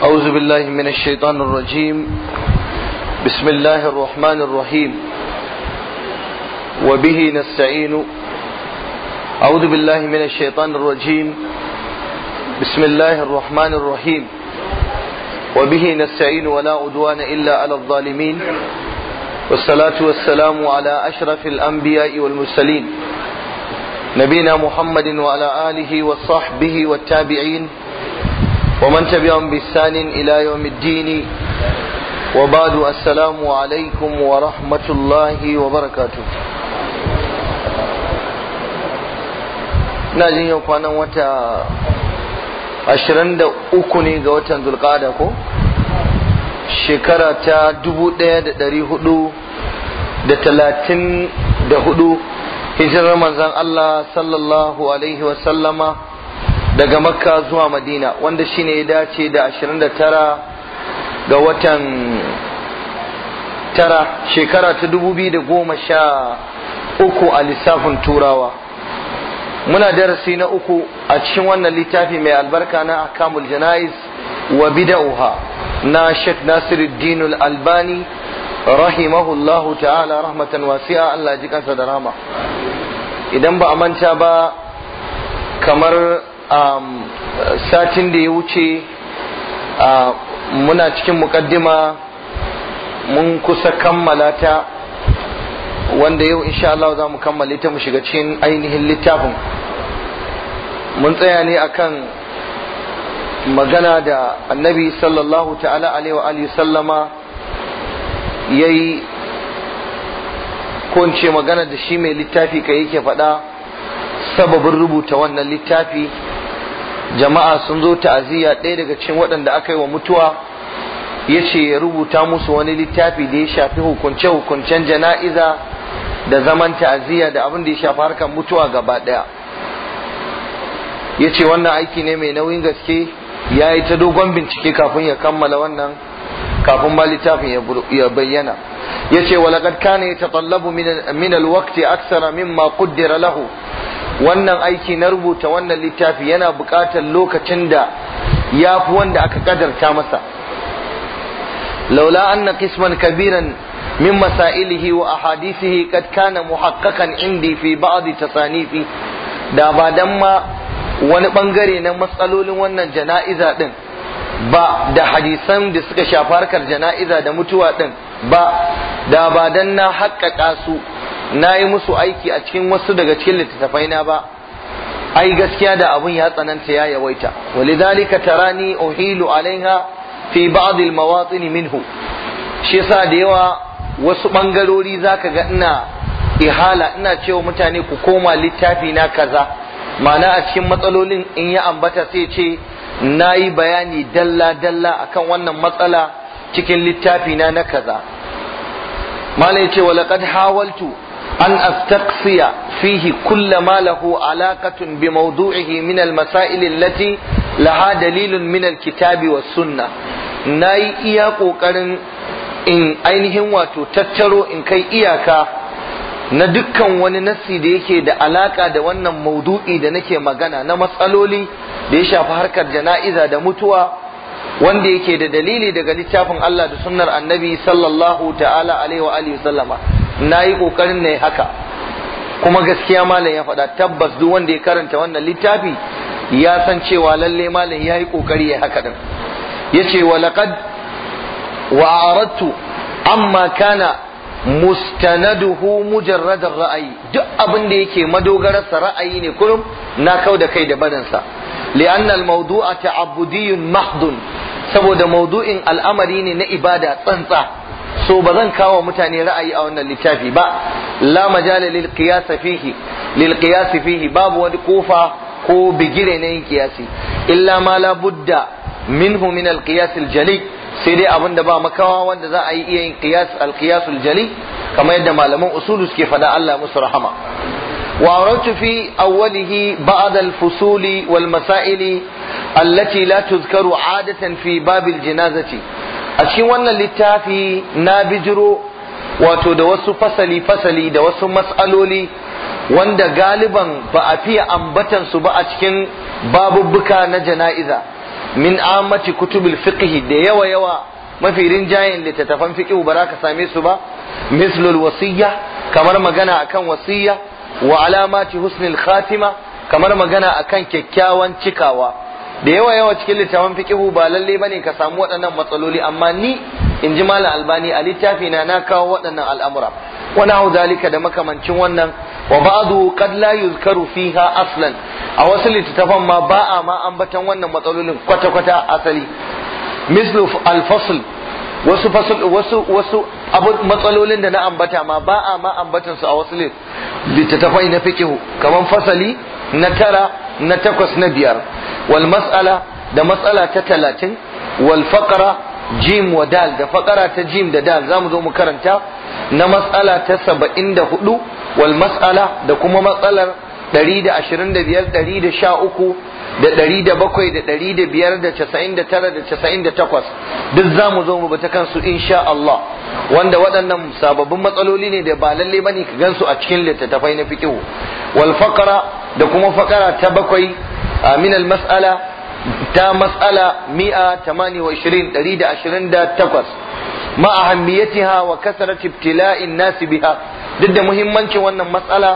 أعوذ بالله من الشيطان الرجيم بسم الله الرحمن الرحيم وبه نستعين أعوذ بالله من الشيطان الرجيم بسم الله الرحمن الرحيم وبه نستعين ولا عدوان إلا على الظالمين والصلاة والسلام على أشرف الأنبياء والمرسلين نبينا محمد وعلى آله وصحبه والتابعين Wa تبعهم بإحسان إلى يوم الدين وبعد السلام عليكم ورحمة الله وبركاته ina jin yau kwanan wata 23 ne ga watan zulkada ko shekara ta dubu ɗaya 1434 hijirar manzan Allah sallallahu alaihi wasallama daga makka zuwa madina wanda shine ya dace da 29 ga watan tara shekara ta 2013 a lissafin turawa muna darasi na uku a cikin wannan littafi mai albarka na akamul janais wa bida'uha na Sheikh Nasiruddin albani rahimahullahu ta'ala rahmatan wasi'a Allah ji kansa da rahama idan ba a manta ba kamar Um, satin da ya wuce uh, muna cikin mukaddima mun kusa kammala ta wanda yau insha Allah za mu kammala ta mu shiga cikin ainihin littafin mun tsaya ne akan magana da annabi sallallahu ta'ala alaihi wa alihi sallama yayi ko magana da shi mai littafi ka yake faɗa sababin rubuta wannan littafi jama'a sun zo ta'aziyya ɗaya daga cikin waɗanda aka yi wa mutuwa ya ce ya rubuta musu wani littafi da ya shafi hukunce-hukuncen jana'iza da zaman ta'aziyya da abin da ya shafi harkar mutuwa gaba ɗaya ya ce wannan aiki ne mai nauyin gaske ya yi ta dogon bincike kafin ya kammala wannan kafin ma littafin ya bayyana yace wa laqad kana yatatallabu min al-waqti akthara mimma quddira lahu wannan aiki na rubuta wannan littafi yana buƙatar lokacin da ya fi wanda aka kadarta masa laula anna qisman kabiran min masailihi wa ahadisihi kad kana muhaqqaqan indi fi ba'd tasanifi da ba dan ma wani bangare na matsalolin wannan jana'iza din ba da hadisan da suka shafi harkar jana'iza da mutuwa din ba da ba dan na haƙƙaƙa su na yi musu aiki a cikin wasu daga cikin littattafai na ba ai gaskiya da abun ya tsananta ya yawaita walidhalika tarani uhilu alaiha fi ba'd al-mawatin minhu shi yasa da yawa wasu bangarori zaka ga ina ihala ina cewa mutane ku koma littafi na kaza ma'ana a cikin matsalolin in ya ambata sai ce na yi bayani dalla-dalla akan wannan matsala cikin littafi na na kaza malai ce wa laqad hawaltu an astaqsiya fihi kulla ma lahu alaqatun bi mawdu'ihi min al masail allati laha dalilun min al kitabi was sunna nayi iya kokarin in ainihin wato tattaro in kai iyaka na dukkan wani nassi da yake da alaka da wannan maudu'i da nake magana na matsaloli da ya shafi harkar jana'iza da mutuwa wanda yake da dalili daga littafin Allah da sunnar annabi sallallahu ta'ala alaihi wa alihi sallama na yi kokarin ne haka kuma gaskiya malam ya faɗa tabbas duk wanda ya karanta wannan littafi ya san cewa lalle malam ya yi kokari ya haka din yace wa laqad wa aradtu amma kana mustanaduhu mujarradar ra'ayi duk abin da yake madogararsa ra'ayi ne kullum na kau da kai da barinsa li'anna al-mawdu'a ta'abbudiyyun mahdun saboda maudu'in al'amari ne na ibada tsantsa so ba zan kawo mutane ra'ayi a wannan littafi ba la majala lil qiyas fihi lil qiyas fihi babu wani kofa ko bigire na yin kiyasi illa ma la budda minhu min al qiyas al jali sai dai abin da ba makawa wanda za a yi iya yin qiyas al jali kamar yadda malaman usulu suke fada Allah musu rahama wa auratu fi awwalihi ba'd al-fusuli wal masaili allati la tuzkaru adatan fi babil janazati a cikin wannan littafi na bijiro wato da wasu fasali fasali da wasu mas'aloli wanda galiban ba a fiye ambatan su ba a cikin babubbuka na jana'iza min amati kutubil fiqh da yawa yawa mafi rinjayen littattafan fiqh ba za ka same su ba mislul wasiyya kamar magana akan wasiyya wa alamati husnil khatima kamar magana akan kyakkyawan cikawa da yawa yawa cikin littattafan fiqh ba lalle bane ka samu waɗannan matsaloli amma ni in ji malam albani a littafi na na kawo waɗannan al'amura wani hau zalika da makamancin wannan wa ba'adu qad la yuzkaru fiha aslan a wasu littattafan ma ba a ma ambatan wannan matsalolin kwata-kwata asali mislu al-fasl wasu fasl wasu wasu abu matsalolin da na ambata ma ba a ma ambatan su a wasu littattafai na fiqh kaman fasali na tara na takwas na biyar wal mas'ala da matsala ta talatin wal faqra jim wa dal da fakara ta jim da dal za mu zo mu karanta na matsala ta saba'in da hudu wal matsala da kuma matsalar ɗari da ashirin da biyar ɗari da sha uku da ɗari da bakwai da ɗari da biyar da casa'in da tara da casa'in da takwas duk za mu zo mu bata kansu insha Allah wanda waɗannan sababbin matsaloli ne da ba lalle ba ne ka gansu a cikin littattafai na fiƙihu wal da kuma fakara ta bakwai min al mas'ala ta matsala mi'a ma wa ishirin da wa kasarat ibtila'in nasi biha duk da muhimmancin wannan matsala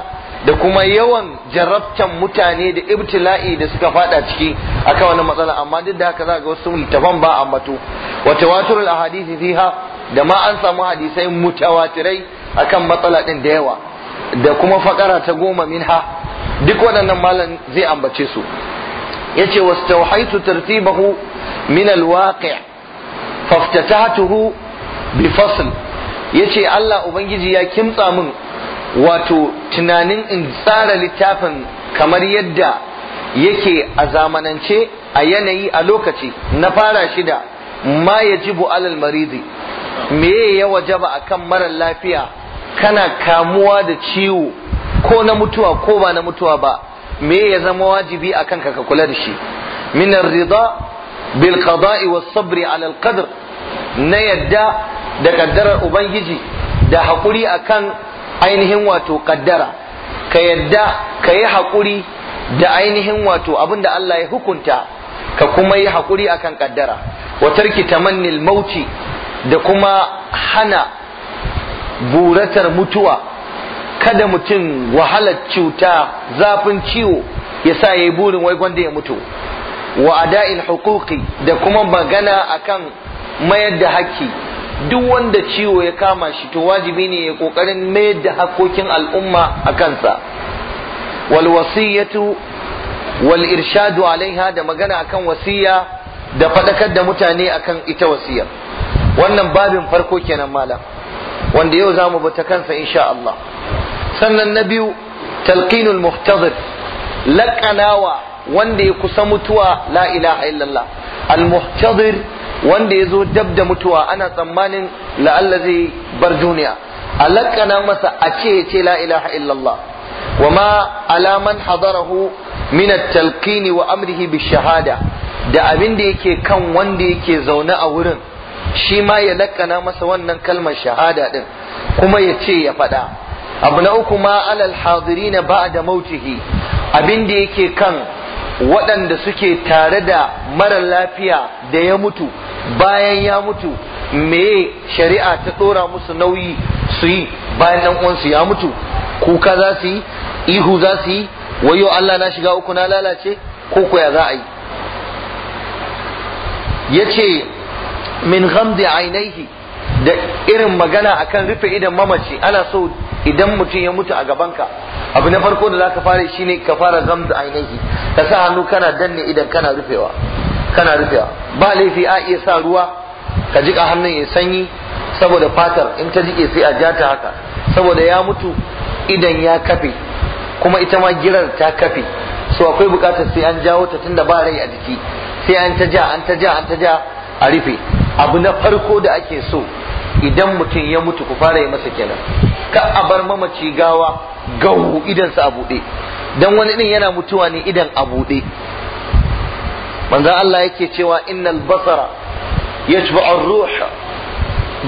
da kuma yawan jarabtan mutane da ibtila'i da suka fada ciki akan wannan matsala amma duk da haka za ga wasu littafan ba ambatu. wa tawaturul ahadisi fiha da ma an samu hadisai mutawatirai akan matsala din da yawa da kuma fakara ta goma minha duk waɗannan malam zai ambace su yace wastawhaytu tartibahu min alwaqi' faftatahtuhu bi fasl yace Allah ubangiji ya kimtsa min wato tunanin in tsara littafin kamar yadda yake a zamanance a yanayi a lokaci na fara shi da ma yajibu alal maridi me ya wajaba akan marar lafiya kana kamuwa da ciwo ko na mutuwa ko ba na mutuwa ba me ya zama wajibi a kanka ka kula da shi min rida bil qada'i was sabri ala al qadr na yadda da kaddarar ubangiji da hakuri akan ainihin wato kaddara ka yadda ka yi hakuri da ainihin wato abinda Allah ya hukunta ka kuma yi hakuri akan kaddara wa tarki tamannil mauti da kuma hana buratar mutuwa kada mutum wahalar cuta zafin ciwo ya sa ya yi burin wai gwanda ya mutu wa ada'il hukuki da kuma magana akan mayar da hakki, duk wanda ciwo ya kama shi to wajibi ne ya kokarin mayar da hakokin al'umma a kansa wal wasiyatu wal irshadu alaiha da magana akan wasiya da fadakar da mutane akan ita wasiya wannan babin farko kenan malam wanda yau zamu bi ta kansa insha Allah sannan na biyu talqinul muhtadir laƙanawa wanda ya kusa mutuwa la ilaha illallah al-muhtadir wanda ya zo dab da mutuwa ana tsammanin la'alla zai bar duniya a laƙana masa a ce ya ce la ilaha illallah wa ma alaman hadarahu min talqini wa amrihi shahada da abin da yake kan wanda yake zaune a wurin shi ma ya lakana masa wannan kalmar shahada din kuma ya ce ya faɗa abu na uku ma alal ba da mautihi abin da yake kan waɗanda suke tare da mara lafiya da ya mutu bayan ya mutu me shari'a ta ɗora musu nauyi su yi bayan ɗan uwansu ya mutu kuka za su yi ihu za su yi wayo Allah na shiga uku na lalace ko kuya za a yi ya ce min ghamdi ainihi da irin magana akan rufe idan mamaci ana so idan mutum ya mutu a gaban ka, abu na farko da zaka fara shine ka fara gamza ainihi ka sa hannu kana danne idan kana rufewa kana rufewa ba laifi a iya sa ruwa ka jika hannun ya sanyi saboda fatar in ta jike sai a ja ta haka saboda ya mutu idan ya kafe kuma ita ma girar ta kafe so akwai bukatar sai an jawo ta tunda ba rai a jiki sai an ta ja an ta ja an ta ja a rufe abu na farko da ake so idan mutum ya mutu ku fara yi masa kenan ka a bar mamaci gawa gawu idansa a buɗe dan wani din yana mutuwa ne idan a buɗe manzo Allah yake cewa innal basara yatba'u ar-ruh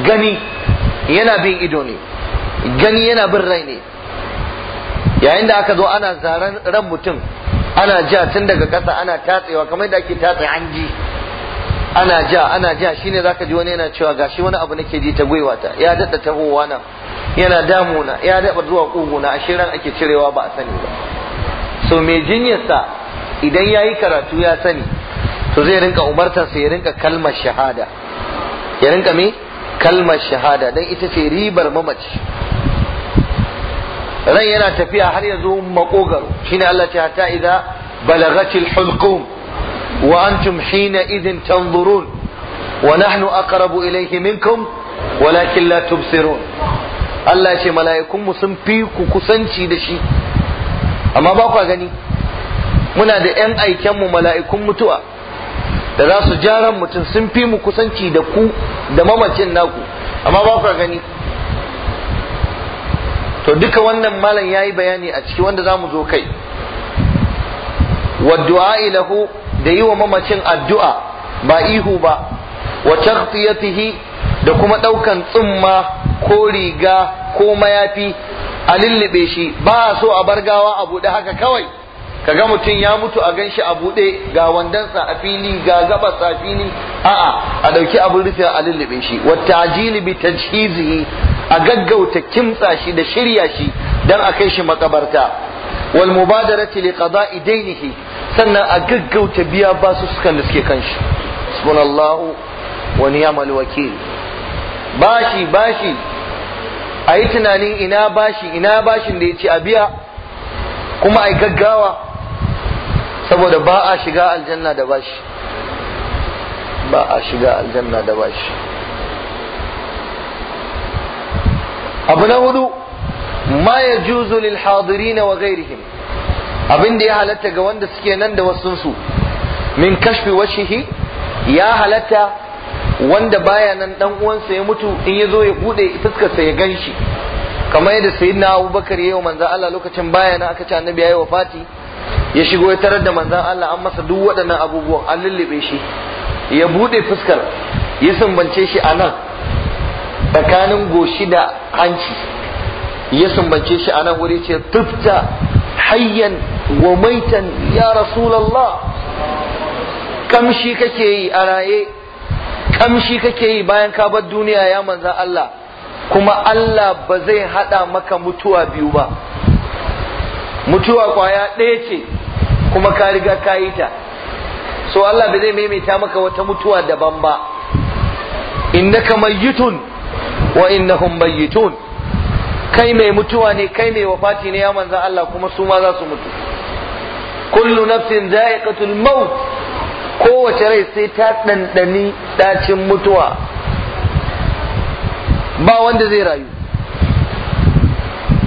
gani yana bin ido ne gani yana bin rai ne yayin da aka zo ana zaran ran mutum ana ja tun daga ƙasa ana tatsewa kamar da ake tatse hanji ana ja ana ja shine zaka ji wani yana cewa gashi wani abu nake ji ta gwiwa ta ya dada tahowa nan yana damuna ya daba zuwa kuguna a shirin ake cirewa ba a sani ba so mai jinyarsa idan ya yi karatu ya sani to zai rinka sa ya rinka kalmar shahada ya rinka me kalmar shahada dan ita ce ribar mamaci ran yana tafiya har yanzu makogaro shine Allah ce ta idza balagatil hulqum وأنتم حينئذ تنظرون ونحن أقرب إليه منكم ولكن لا تبصرون الله يشي kusanci da كسنشي دشي أما باقوا غني muna da 'yan aikenmu mala'ikun mutuwa da za su jaran mutum sun fi mu kusanci da ku da mamacin naku amma ba ku gani to duka wannan malam ya yi bayani a ciki wanda za mu zo kai wa du'a Ilahu. da yi wa mamacin addu'a ba ihu ba wa taghtiyatihi da kuma ɗaukan tsumma ko riga ko mayafi a lullube shi ba so a bar gawa a buɗe haka kawai Ka ga mutum ya mutu a ganshi a buɗe ga wandonsa a fili ga gabasa fili a'a a ɗauki abin rufe a lullube shi wata ajili bi tajhizihi a gaggauta kimtsa shi da shirya shi don a kai shi makabarta wal mubadarati li qada'i dainihi sannan a gaggauta biya basu sukan da suke kanshi subhanallahu wa ni'mal wakil bashi bashi a yi tunanin ina bashi ina bashin da ya ce a biya kuma a gaggawa saboda ba a shiga aljanna da bashi ba a shiga aljanna da bashi abu na hudu ma ya juzu lil hadirin wa ghairihim abin da ya halatta ga wanda suke nan da wasunsu min kashfi washihi ya halatta wanda baya nan dan uwansa ya mutu in ya zo ya bude fuskarsa ya ganshi kamar yadda sayyidina abubakar yayi wa manzon Allah lokacin baya nan aka ce annabi wa wafati ya shigo ya tarar da manzon Allah an masa duk waɗannan abubuwan an lullube shi ya bude fuskar ya sumbance shi a nan tsakanin goshi da hanci ya sumbance shi a nan wuri ce tufta hayyan wa maitan ya rasulallah kamshi kake yi a raye kamshi kake yi bayan ka bar duniya ya manzan Allah kuma Allah ba zai hada maka mutuwa biyu ba mutuwa kwaya ɗaya ce kuma ka riga ka yi ta so Allah ba zai maimaita maka wata mutuwa daban ba innaka mayyitun wa innahum mayyitun kai mai mutuwa ne kai mai wafati ne ya manzan Allah kuma su ma za su mutu kullu nafsin za'iqatul maut kowace rai sai ta ɗanɗani ɗacin mutuwa ba wanda zai rayu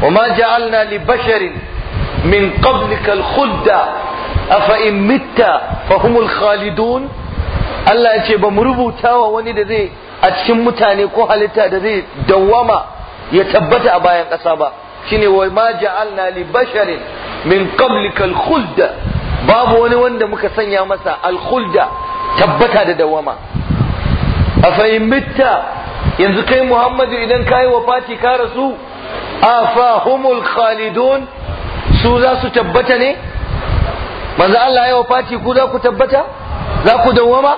وما جعلنا لبشر من قبلك الخلد أفإن مت فهم الخالدون Allah ya ce ba rubuta wa wani da zai a cikin mutane ko halitta da zai dawwama ya tabbata a bayan ƙasa ba shine wai ma ja'alna li basharin min qablika al-khulda babu wani wanda muka sanya masa al-khulda tabbata da dawama a fahimta yanzu kai Muhammadu idan kai wafati ka rasu afahumul khalidun su za su tabbata ne manzo Allah ya wafati ku za ku tabbata za ku dawama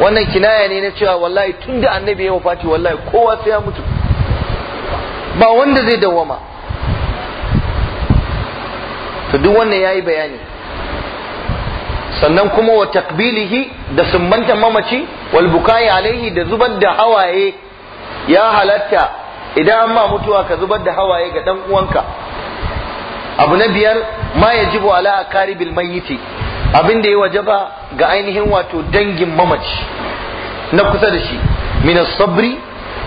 wannan kinaya ne na cewa wallahi tunda annabi ya wafati wallahi kowa sai ya mutu ba wanda zai dawwama to duk wannan yayi bayani sannan kuma wa takbilihi da sumbanta mamaci wal bukai alaihi da zubar da hawaye ya halatta idan an ma mutuwa ka zubar da hawaye ga dan uwanka abu na biyar ma yajibu ala akaribil mayyiti abin da ya wajaba ga ainihin wato dangin mamaci na kusa da shi min sabri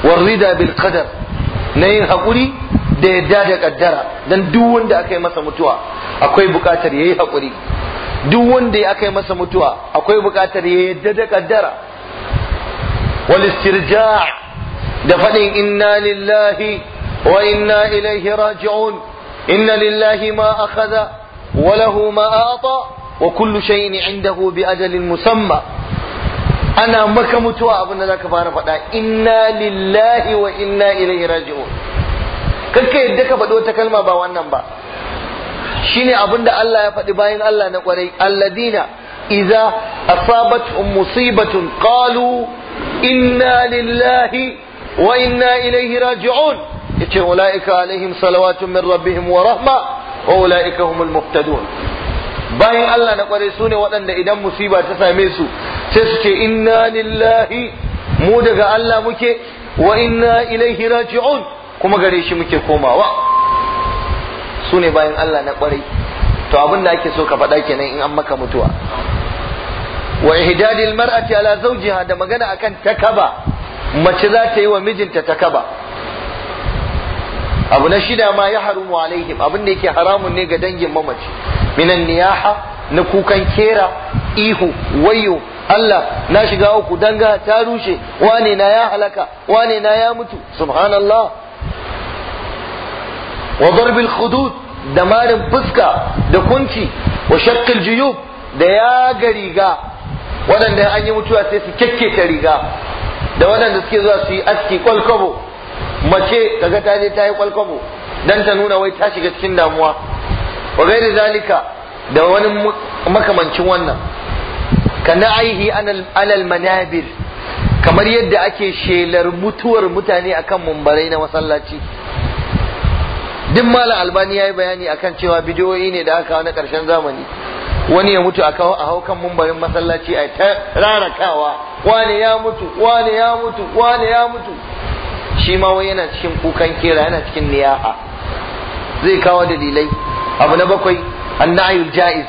war rida bil qadar na yin haƙuri da yadda da kaddara dan duk wanda aka yi masa mutuwa akwai buƙatar yi haƙuri duk wanda aka yi masa mutuwa akwai buƙatar ya yadda da kaddara walistirja' da faɗin inna lillahi wa inna ilaihi raji'un inna lillahi ma akhadha wa lahu ma a'ta wa kullu shay'in indahu bi ajalin musamma ana maka mutuwa abin da zaka fara faɗa inna lillahi wa inna ilaihi raji'un kakka yadda ka faɗo ta kalma ba wannan ba shine abin da Allah ya faɗi bayan Allah na kwarai alladina idza asabatuhum musibatun qalu inna lillahi wa inna ilaihi raji'un yace ulaika alaihim salawatun min rabbihim wa rahma wa ulaika humul muhtadun bayan Allah na kwarai sune waɗanda idan musiba ta same su sai su ce inna lillahi mu daga Allah muke wa inna ilaihi raji'un kuma gare shi muke komawa su bayan Allah na kwarai to abin da ake so ka faɗa kenan in an maka mutuwa wa ihdadil mar'ati ala zawjiha da magana akan takaba mace za ta yi wa mijinta takaba abu na shida ma ya harumu alaihim abin da yake haramun ne ga dangin mamaci minan niyaha na kukan kera ihu wayo Allah na shiga uku danga ta rushe wane na ya halaka wane na ya mutu subhanallah wa darbil khudud da marin fuska da kunci wa shaqqil juyub da ya ga riga waɗanda an yi mutuwa sai su ta riga da waɗanda suke zuwa su yi aski kwalkwabo mace kaga ta je ta yi kwalkwabo dan ta nuna wai ta shiga cikin damuwa wa gairi zalika da wani makamancin wannan ka na'ihi alal manabir kamar yadda ake shelar mutuwar mutane akan mumbarai na masallaci duk mala albani ya yi bayani akan cewa bidiyoyi ne da aka na karshen zamani wani ya mutu a haukan mumbarin masallaci a ta rarakawa wane ya mutu wani ya mutu wani ya mutu shi ma wai yana cikin kukan kera yana cikin niyaha zai kawo dalilai abu na bakwai na'ayul ja'iz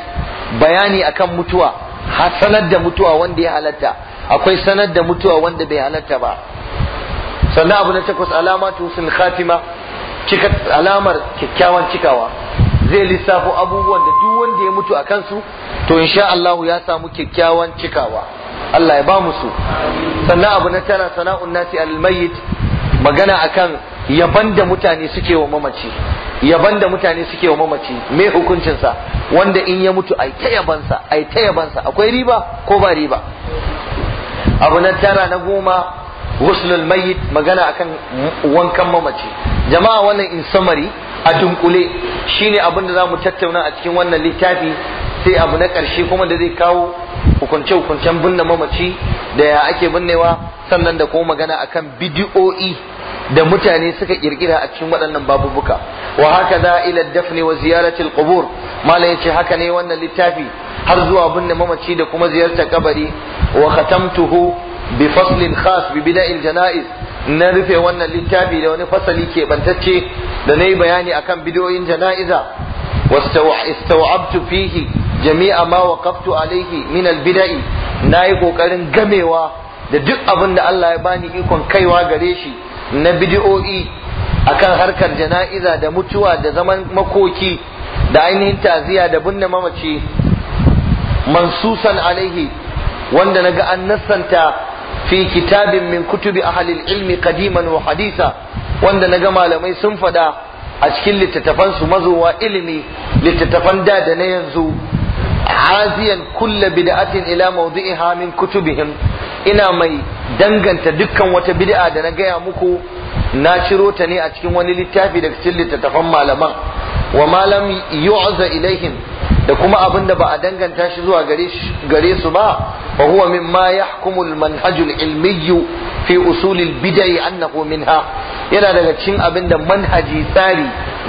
bayani akan mutuwa sanar da mutuwa wanda ya halatta akwai sanar da mutuwa wanda bai halatta ba sannan abu na takwas alamatu sun khatima alamar kyakkyawan cikawa zai lissafo abubuwan da duk wanda ya mutu a kansu to in sha Allah ya samu kyakkyawan cikawa Allah ya ba mu su sannan abu na tara sana'un nasi al magana akan yaban da mutane suke wa mamaci yaban da mutane suke wa mamaci me hukuncinsa wanda in ya mutu ai ta yabansa ai ta yabansa akwai riba ko ba riba abu na tara na goma wuslul mayit magana akan wankan mamaci jama'a wannan in summary a dunkule shine abin da zamu tattauna a cikin wannan littafi sai abu na karshe kuma da zai kawo hukunce hukuncen binne mamaci da ya ake binnewa sannan da kuma magana akan bidi'o'i da mutane suka kirkira a cikin waɗannan babubuka wa haka da ila dafni wa ziyaratil qubur mala yace haka ne wannan littafi har zuwa binne mamaci da kuma ziyartar kabari wa khatamtuhu bi faslin khas bi bida'il janaiz na rufe wannan littafi da wani fasali ke bantacce da nayi bayani akan bidoyin jana'iza wastaw'abtu fihi jami'a ma waqaftu alayhi min al-bida'i nayi kokarin gamewa da duk abin da Allah ya bani ikon kaiwa gare shi na bidiyo'i akan harkar jana'iza da mutuwa da zaman makoki da ainihin taziya da binne mamaci mansusan alaihi wanda naga an nassanta fi kitabin min kutubi ahlil ilmi qadiman wa hadisa wanda naga malamai sun fada a cikin littattafan su mazowa ilimi littattafan da da na yanzu haziyan kulla bid'atin ila mawdi'iha min kutubihim ina mai danganta dukkan wata bid'a da na gaya muku na ciro ta ne a cikin wani littafi daga cikin littattafan malaman wa malam yu'za ilaihim da kuma abin da ba a danganta shi zuwa gare su ba wa huwa mimma yahkumu al-manhaj fi usul al-bid'i annahu minha yana daga cikin abin da manhaji tsari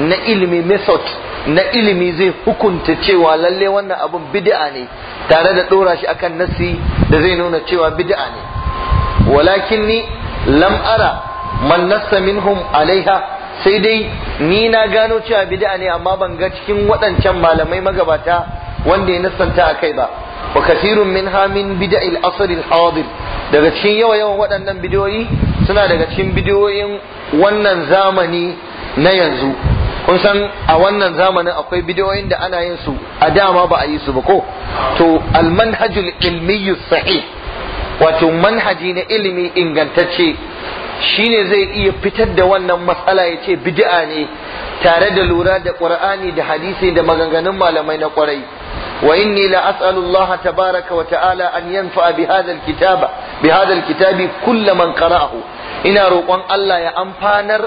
na ilmi method na ilimi zai hukunta cewa lalle wannan abun bid'a ne tare da dora shi akan nasi da zai nuna cewa bid'a ne walakin ni lam ara man nassa minhum alaiha sai dai ni na gano cewa bid'a ne amma ban ga cikin waɗancan malamai magabata wanda ya nassanta a kai ba wa kasirun ha min bid'il asril hadir daga cikin yawa yawan waɗannan bidiyoyi suna daga cikin bidiyoyin wannan zamani na yanzu kun san a wannan zamanin akwai bidiyoyin da ana yin su a dama ba a yi su ba ko to almanhajul ilmiyyu sahi wato manhaji na ilimi ingantacce shine zai iya fitar da wannan matsala ya ce bid'a ne tare da lura da qur'ani da hadisi da maganganun malamai na kwarai wa inni la as'alu Allah tabaraka wa ta'ala an yanfa'a bi hadha bi hadha kitabi kullu man qara'ahu ina roƙon Allah ya amfanar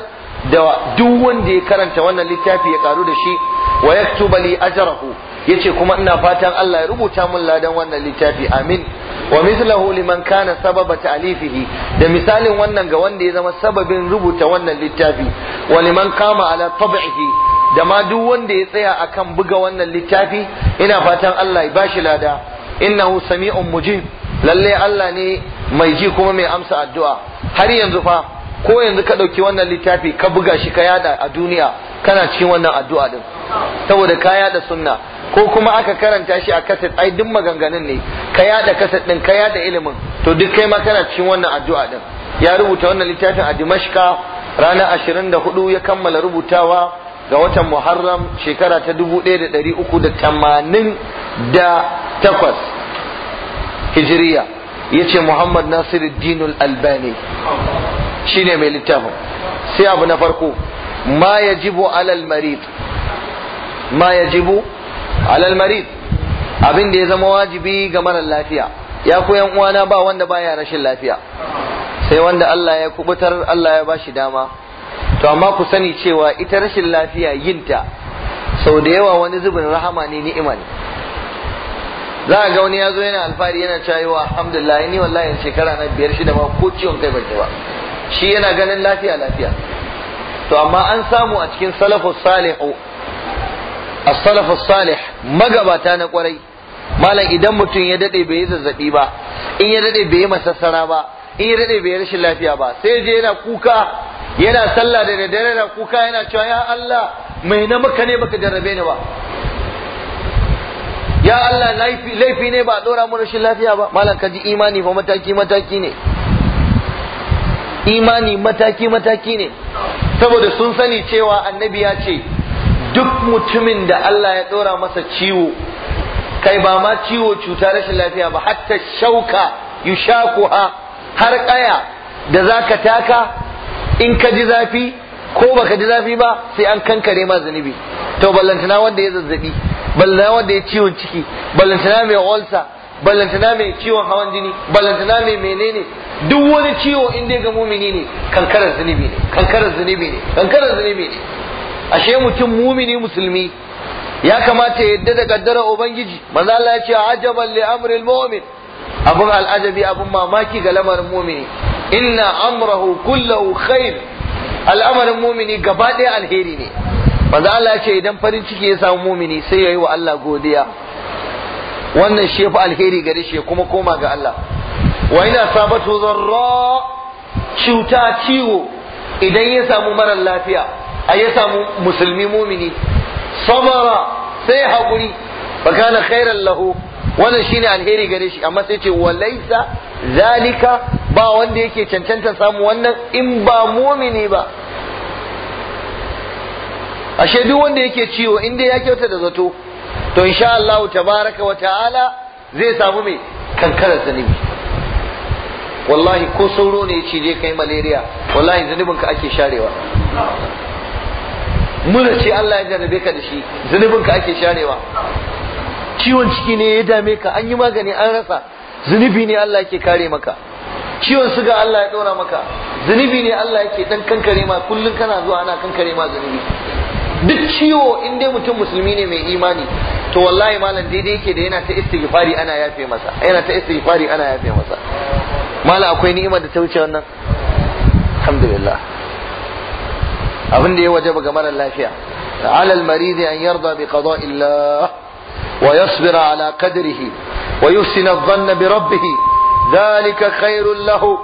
da duk wanda ya karanta wannan littafi ya karu da shi wa yaktuba li ajrahu yace kuma ina fatan Allah ya rubuta mun ladan wannan littafi amin wa mithluhu liman kana sababa ta'lifihi da misalin wannan ga wanda ya zama sababin rubuta wannan littafi wa liman kama ala tab'ihi da ma duk wanda ya tsaya akan buga wannan littafi ina fatan Allah ya bashi lada innahu sami'un mujib lalle Allah ne mai ji kuma mai amsa addu'a har yanzu fa ko yanzu ka ɗauki wannan littafi ka buga shi ka yada a duniya kana cikin wannan addu'a din saboda ka yada sunna ko kuma aka karanta shi a kaset ai duk maganganun ne ka yada kaset din ka yada ilimin to duk kai ma kana cikin wannan addu'a din ya rubuta wannan littafin a Dimashka ranar hudu ya kammala rubutawa ga watan Muharram shekara ta dubu da da da ɗari tamanin 1388 Hijiriya ce Muhammad Nasiruddin Albani shine mai littafin sai abu na farko ma jibo alal marid ma jibo alal marid abin da ya zama wajibi ga marar lafiya ya koyan uwana ba wanda baya rashin lafiya sai wanda Allah ya kubutar Allah ya bashi dama to amma ku sani cewa ita rashin lafiya yinta sau da yawa wani zubin rahama ne ni'ima ne za a ga wani ya zo yana alfahari yana cayuwa alhamdulillah ni wallahi shekara na biyar shida ma ko ciwon kai ban ba shi yana ganin lafiya lafiya to amma an samu a cikin salafus salihu as-salafus salih magabata na kwarai malam idan mutum ya dade bai yi zazzabi ba in ya dade bai yi masassara ba in ya dade bai yi rashin lafiya ba sai je yana kuka yana sallah da daddare yana kuka yana cewa ya Allah mai na maka ne baka jarrabe ni ba ya Allah laifi ne ba a dora mu rashin lafiya ba malam ka ji imani fa mataki mataki ne imani mataki mataki ne saboda sun sani cewa annabi ya ce duk mutumin da Allah ya ɗora masa ciwo kai ba ma ciwo cuta rashin lafiya ba hatta shauka yushakuha har ƙaya da zaka taka in ka ji zafi ko baka ji zafi ba sai an kankare ma zunubi to ballantana wanda ya zazzabi ballantana wanda ya ciwon ciki ballantana mai olsa ballantana mai ciwon hawan jini ballantana mai menene duk wani ciwo in dai ga mumini ne kankarar zunubi ne kankarar zunubi ne kankarar zunubi ne ashe mutum mumini musulmi ya kamata yadda da kaddara ubangiji manzo Allah ya ce ajaban li amril mu'min abun al'ajabi abun mamaki ga lamarin mumini inna amrahu kullahu khair al'amarin mumini gaba ɗaya alheri ne manzo Allah ya ce idan farin ciki ya samu mumini sai yayi wa Allah godiya wannan shi shefu alheri gare shi kuma koma ga Allah wa ina sabatu zarra cuta ciwo idan ya samu marar lafiya a ya samu musulmi mumini sabara sai haƙuri fa kana khairan lahu wannan shine alheri gare shi amma sai ce walaisa zalika ba wanda yake cancanta samu wannan in ba mumini ba ashe duk wanda yake ciwo in dai ya kyauta da zato to insha Allah tabaraka wa ta'ala zai samu mai kankarar zanibi wallahi ko sauro ne ci je kai malaria wallahi zunubin ka ake sharewa Muna ce Allah ya jarabe ka da shi zunubin ka ake sharewa ciwon ciki ne ya dame ka an yi magani an rasa zunubi ne Allah yake kare maka ciwon suga Allah ya dora maka zunubi ne Allah yake dan kankare ma kullun kana zuwa ana kankare ma zunubi duk ciwo in dai mutum musulmi ne mai imani to wallahi malam daidai yake da yana ta istighfari ana yafe masa yana ta istighfari ana yafe masa mala akwai ni'imar da ta wuce wannan alhamdulillah abin da ya wajaba ga mara lafiya على المريض أن يرضى بقضاء الله ويصبر على قدره ويحسن الظن بربه ذلك خير له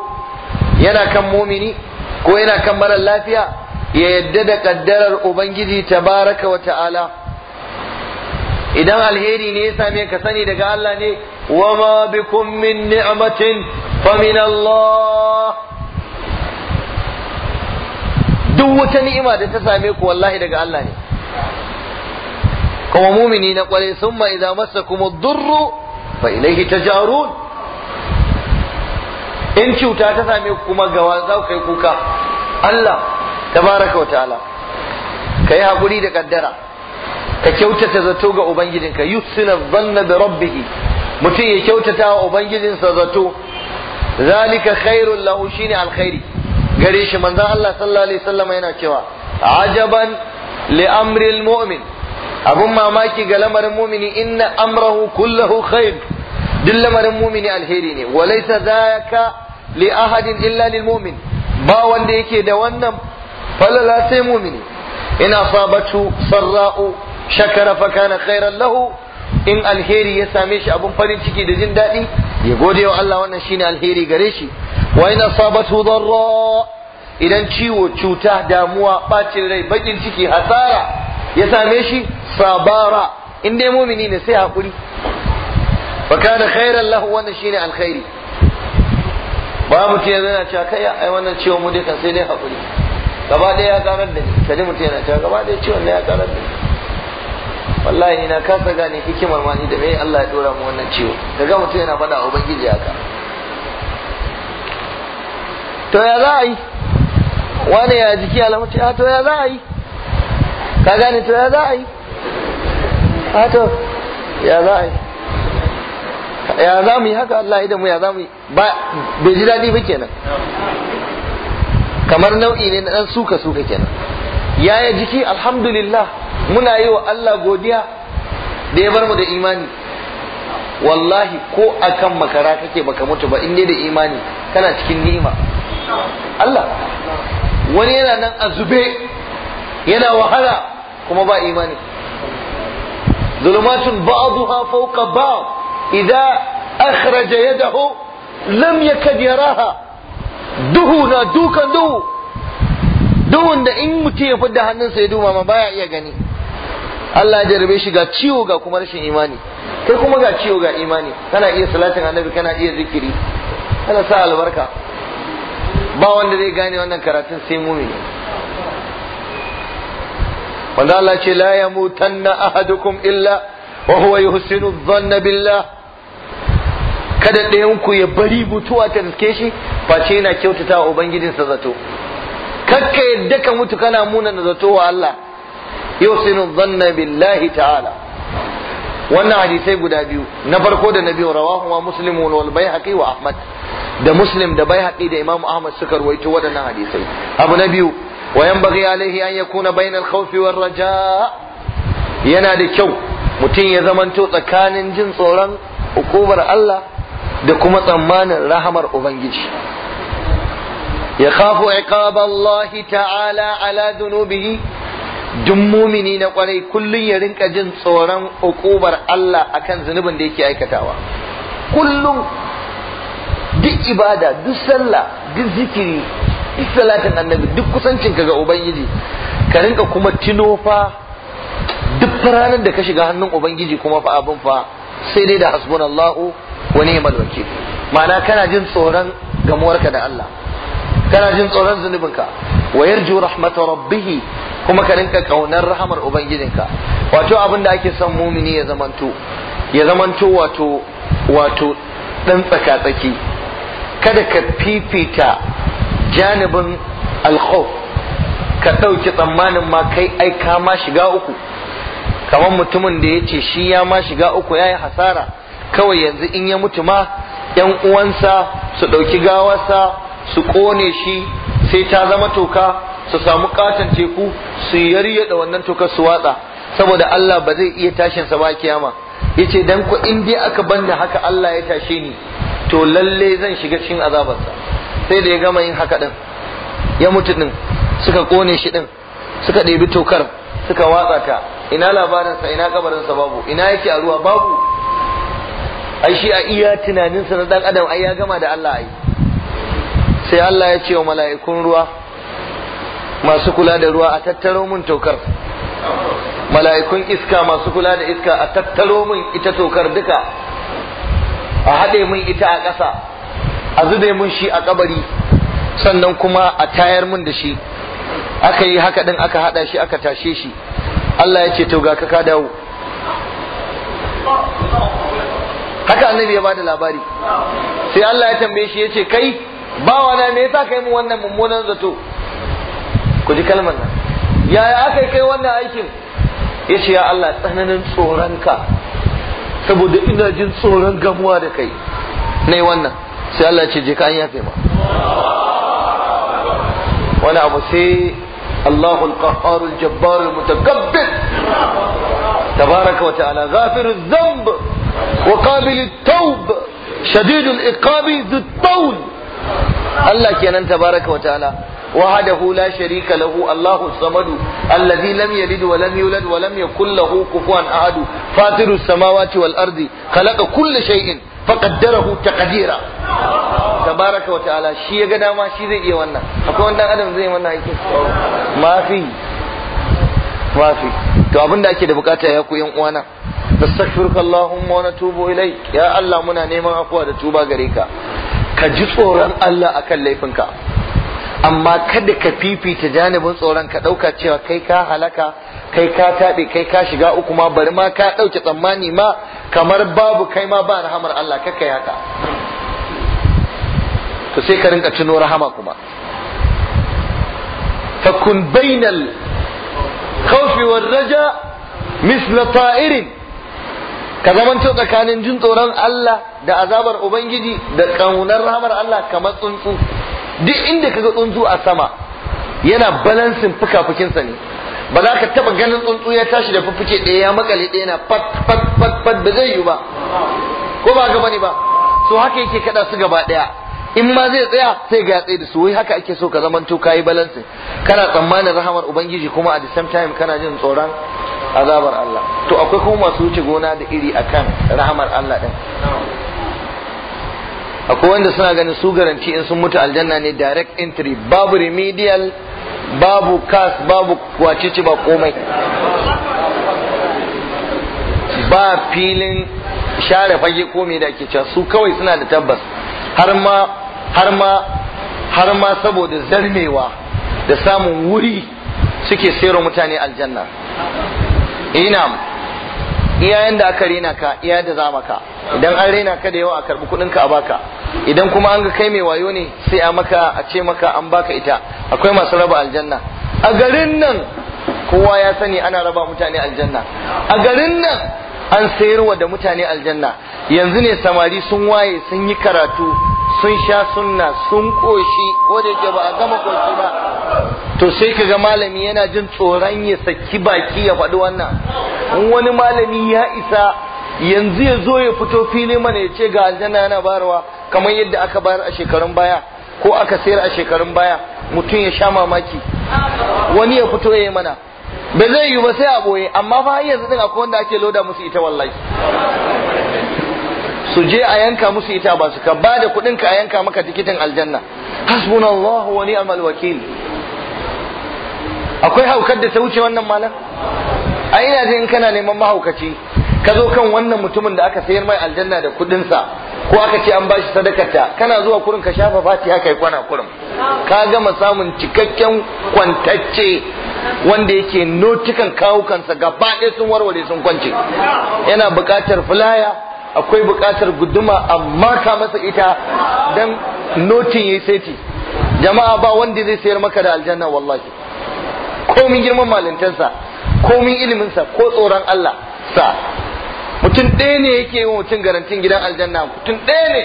ينا كم مؤمني كوينا كم مر اللافية يدد قدر الأبنجي تبارك وتعالى idan alheri ne ya same ka sani daga Allah ne wa ma bikum min ni'matin fa min Allah duk wata ni'ima da ta same ku wallahi daga Allah ne kuma mumini na kwarai summa idza masa ad-durru fa ilayhi tajarun in cuta ta same ku kuma gawa za ku kai kuka Allah tabaraka wa ta'ala kai hakuri da kaddara ka kyautata zato ga ubangijinka yusina zanna bi rabbih mutum ya kyautata wa ubangijinsa zato zalika khairul lahu shine alkhairi gare shi manzon Allah sallallahu alaihi wasallam yana cewa ajaban li amril mu'min abun mamaki ga lamarin mumini inna amrahu kullahu khair duk lamarin mumini alheri ne walaita zaka li ahadin illa lil mumin ba wanda yake da wannan falala sai mumini ina sabatu sarra'u shakara fa kana khairan lahu in alheri ya same shi abun farin ciki da jin daɗi ya gode wa Allah wannan shine alheri gare shi wa in asabatu darra idan ciwo cuta damuwa bacin rai bakin ciki hasara ya same shi sabara in dai mumini ne sai hakuri fa kana khairan lahu wannan shine alkhairi ba mutum yanzu yana cewa kai ai wannan ciwon mu dai kan sai dai hakuri gaba ɗaya ya karar da ni kaji mutum yana cewa gaba ɗaya ciwon ne ya karar da ni wallahi ni na kasa gane hikimar ma ni da me Allah ya dora mu wannan ciwo kaga mutum yana faɗa ubangiji haka to ya za a yi wani ya jiki alamuci a to ya za a yi ka gane to ya za a yi a to ya za a yi ya za mu yi haka Allah idan mu ya za mu yi ba bai ji daɗi ba kenan kamar nau'i ne na ɗan suka suka kenan ya ya jiki alhamdulillah muna yi wa Allah godiya da ya bar mu da imani wallahi ko akan makara kake baka mutu ba in dai da imani kana cikin ni'ima Allah wani yana nan a zube yana wahala kuma ba imani zulumatun ba'daha fawqa ba'd idza akhraja yadahu lam yakad yaraha duhu na dukan duhu duhun da in mutum ya fidda hannunsa ya duma ma baya iya gani Allah ya jarabe shi ga ciwo ga kuma rashin imani kai kuma ga ciwo ga imani kana iya salatin annabi kana iya zikiri kana sa albarka ba wanda zai gane wannan karatun sai mumini wanda Allah ce la yamutanna ahadukum illa wa huwa yuhsinu dhanna billah kada ɗayan ku ya bari mutuwa ta riske shi face yana kyautata wa ubangijinsa zato kakka yadda ka mutu kana muna zato wa Allah yusinu dhanna billahi ta'ala wannan hadisai guda biyu na farko da na biyu rawahu wa muslim wal baihaqi wa ahmad da muslim da baihaqi da imam ahmad suka ruwaito waɗannan hadisai abu na biyu wa yanbaghi alaihi an yakuna bainal khawfi war raja yana da kyau mutum ya zamanto tsakanin jin tsoron hukumar Allah da kuma tsammanin rahamar ubangiji ya khafu iqaballahi ta'ala ala dhunubihi duk mumini na kwarai kullun ya rinka jin tsoron ukubar Allah akan zunubin da yake aikatawa kullum duk ibada duk sallah duk zikiri duk salatin annabi duk kusancin ka ga ubangiji ka rinka kuma tino fa duk ranar da ka shiga hannun ubangiji kuma fa abin fa sai dai da hasbunallahu wa ni'mal wakil ma'ana kana jin tsoron gamuwarka da Allah kana jin tsoron zunubinka wa yarju rahmatar rabbihi kuma ka rinka kaunar rahamar ubangijinka wato abin da ake son mumini ya zamanto ya zamanto wato wato dan tsaka tsaki kada ka fifita janibin alkhawf ka ɗauki tsammanin ma kai ai ka ma shiga uku kamar mutumin da ya ce shi ya ma shiga uku ya yi hasara kawai yanzu in ya mutu ma yan uwansa su ɗauki gawarsa su kone shi sai ta zama toka su samu katon teku su yarye da wannan tokar su watsa saboda Allah ba zai iya tashin sa ba kiyama yace dan ko in dai aka banda haka Allah ya tashe ni to lalle zan shiga cikin azabarsa sai da ya gama yin haka din ya mutu din suka kone shi din suka ɗebi tokar suka watsa ta ina labarinsa ina kabarinsa babu ina yake a ruwa babu ai shi a iya tunaninsa na dan adam ai ya gama da Allah ai sai Allah ya ce wa mala'ikun ruwa masu kula da ruwa a tattaro mun tokar mala'ikun iska masu kula da iska a tattaro mun ita tokar duka a haɗe mun ita a ƙasa a zube mun shi a ƙabari sannan kuma a tayar mun da shi aka yi haka ɗin aka haɗa shi aka tashe shi Allah ya ce to ga ka dawo haka annabi ya ba da labari sai Allah ya tambaye shi ya ce kai ba bawana me yasa kai mu wannan mummunan zato ku ji kalmar nan yaya aka kai wannan aikin yace ya Allah tsananin ka saboda ina jin tsoron gamuwa da kai ne wannan sai Allah ce je ka an yafe ma wani abu sai Allahu al-qahhar al-jabbar al-mutakabbir tabaraka wa ta'ala ghafir adh-dhanb wa qabil at-tawb shadid al-iqabi dhu at Allah kenan tabaraka wataala wahadahu la sharika lahu Allahu samadu alladhi lam yalid wa lam yulad wa lam yakul lahu kufuwan ahad fatiru samawati wal ardi khalaqa kull shay'in faqaddarahu taqdira tabaraka wataala shi ya ga dama shi zai iya wannan akwai wanda adam zai yi wannan aikin mafi mafi to abinda ake da bukata ya ku yan uwana nastaghfiruka allahumma wa natubu ilayk ya allah muna neman afuwa da tuba gare ka ka ji tsoron Allah akan laifinka amma kada ka fifita janibin tsoron ka ɗauka cewa kai ka halaka kai ka taɓe kai ka shiga uku ma bari ma ka ɗauke tsammani ma kamar babu kai ma ba rahamar Allah ka kai haka to sai ka rinka tuno rahama kuma fakun bainal khawfi war raja misla ta'irin ka zamanto tsakanin jin tsoron Allah da azabar ubangiji da kaunar rahamar Allah kamar tsuntsu duk inda ka ga tsuntsu a sama yana balansin fuka-fukinsa ne ba za ka taba ganin tsuntsu ya tashi da fuffuke ɗaya ya makale ɗaya na fat fat fat fat ba zai yi ba ko ba gaba ne ba so haka yake kaɗa su gaba ɗaya in ma zai tsaya sai ga tsaye da su wai haka ake so ka zamanto kayi balansin kana tsammanin rahamar ubangiji kuma a the same time kana jin tsoron azabar Allah to akwai kuma masu wuce gona da iri akan rahamar Allah din akwai wanda suna ganin su garanti in sun mutu aljanna ne direct entry babu remedial babu cast, babu wacece ba komai ba filin share fage komai da ke cewa su kawai suna da tabbas har ma har ma har ma saboda zarmewa da samun wuri suke sayarwa mutane aljanna inam iyayen da aka rena ka iya da za maka idan an rena ka da yawa a karbi kudin ka a baka idan kuma an ga kai mai wayo ne sai a maka a ce maka an baka ita akwai masu raba aljanna a garin nan kowa ya sani ana raba mutane aljanna a garin nan an sayarwa da mutane aljanna yanzu ne samari sun waye sun yi karatu sun sha sunna sun koshi ko da ba a gama koshi ba to sai kaga malami yana jin tsoron ya saki baki ya faɗi wannan in wani malami ya isa yanzu ya zo ya fito fili mana ya ce ga aljanna yana barawa kamar yadda aka bayar a shekarun baya ko aka sayar a shekarun baya mutum ya sha mamaki wani ya fito ya yi mana ba zai yi ba sai a boye amma fa yanzu din akwai wanda ake loda musu ita wallahi su je a yanka musu ita ba su ka ba da kuɗin ka a yanka maka tikitin aljanna hasbunallahu wa ni'mal wakil akwai haukar da ta wuce wannan malam a ina jin kana neman mahaukaci ka zo kan wannan mutumin da aka sayar mai aljanna da sa ko aka ce an bashi sadakarta kana zuwa kurin ka shafa Fati fatiha kai kwana kurin ka gama samun cikakken kwantacce wanda yake notukan kawukansa gaba ɗaya sun warware sun kwance yana buƙatar fulaya akwai buƙatar guduma amma ka masa ita dan notin yayi seti jama'a ba wanda zai sayar maka da aljanna wallahi komin girman malintansa komin iliminsa ko tsoron Allah sa mutum ɗaya ne yake yi mutum garantin gidan aljanna mutum ɗaya ne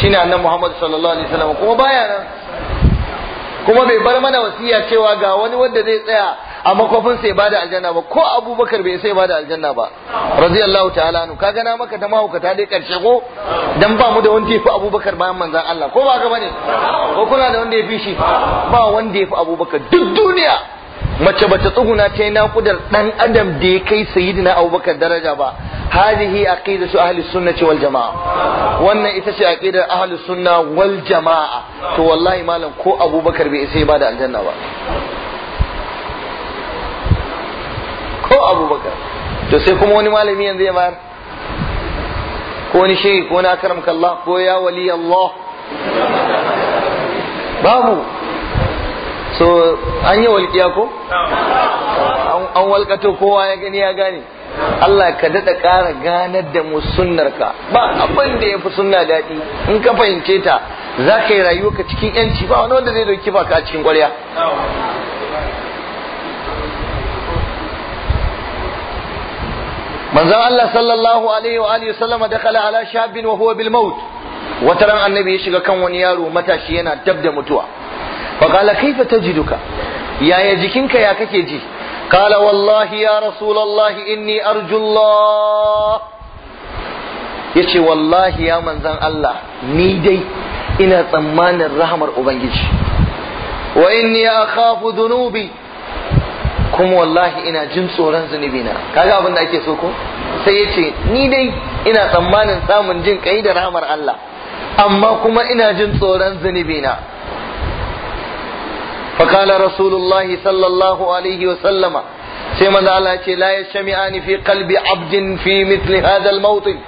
shine annabi Muhammad sallallahu alaihi wasallam kuma baya nan kuma bai bar mana wasiya cewa ga wani wanda zai tsaya a makofin sai ba da aljanna ba ko abubakar bai sai ba da aljanna ba radiyallahu ta'ala nu kaga na maka ta mahaukata dai karshe ko dan ba mu da wanda yafi abubakar bayan manzon Allah ko ba ga bane ko kuna da wanda yafi shi ba wanda yafi abubakar duk duniya mace bata tsuguna ta yi naƙudar ɗan adam da ya kai sayyidina abubakar daraja ba hadihi aqidatu ahli sunnati wal jamaa wannan ita ce aqidar ahli sunna wal jamaa to wallahi malam ko abubakar bai sai ba da aljanna ba ko abubakar to sai kuma wani malami yanzu ya bayar ko wani shehi ko na karamka Allah ko ya wali Allah babu so an yi walƙiya ko an walƙato kowa ya gani ya gane Allah ka daɗa ƙara ganar da mu ka ba abin da ya fi sunna daɗi in ka fahimce ta za ka yi rayuwa ka cikin yanci ba wani wanda zai doki ba ka a cikin ƙwarya manzon Allah sallallahu alaihi wa alihi sallama dakala ala shabin wa huwa bil maut wata ran annabi ya shiga kan wani yaro matashi yana dab da mutuwa fa qala kaifa tajiduka yaya jikinka ya kake ji kala wallahi ya rasulullah inni arju yace wallahi ya manzon Allah ni dai ina tsammanin rahamar ubangiji wa inni akhafu dhunubi kuma wallahi ina jin tsoron zunubi na kaga abin da ake so ko sai ya ce ni dai ina tsammanin samun jin kai da rahmar Allah amma kuma ina jin tsoron zunubi na alaihi wa sallama sai الله عليه وسلم سيما الله لا يجتمعان في قلب عبد في مثل هذا الموطن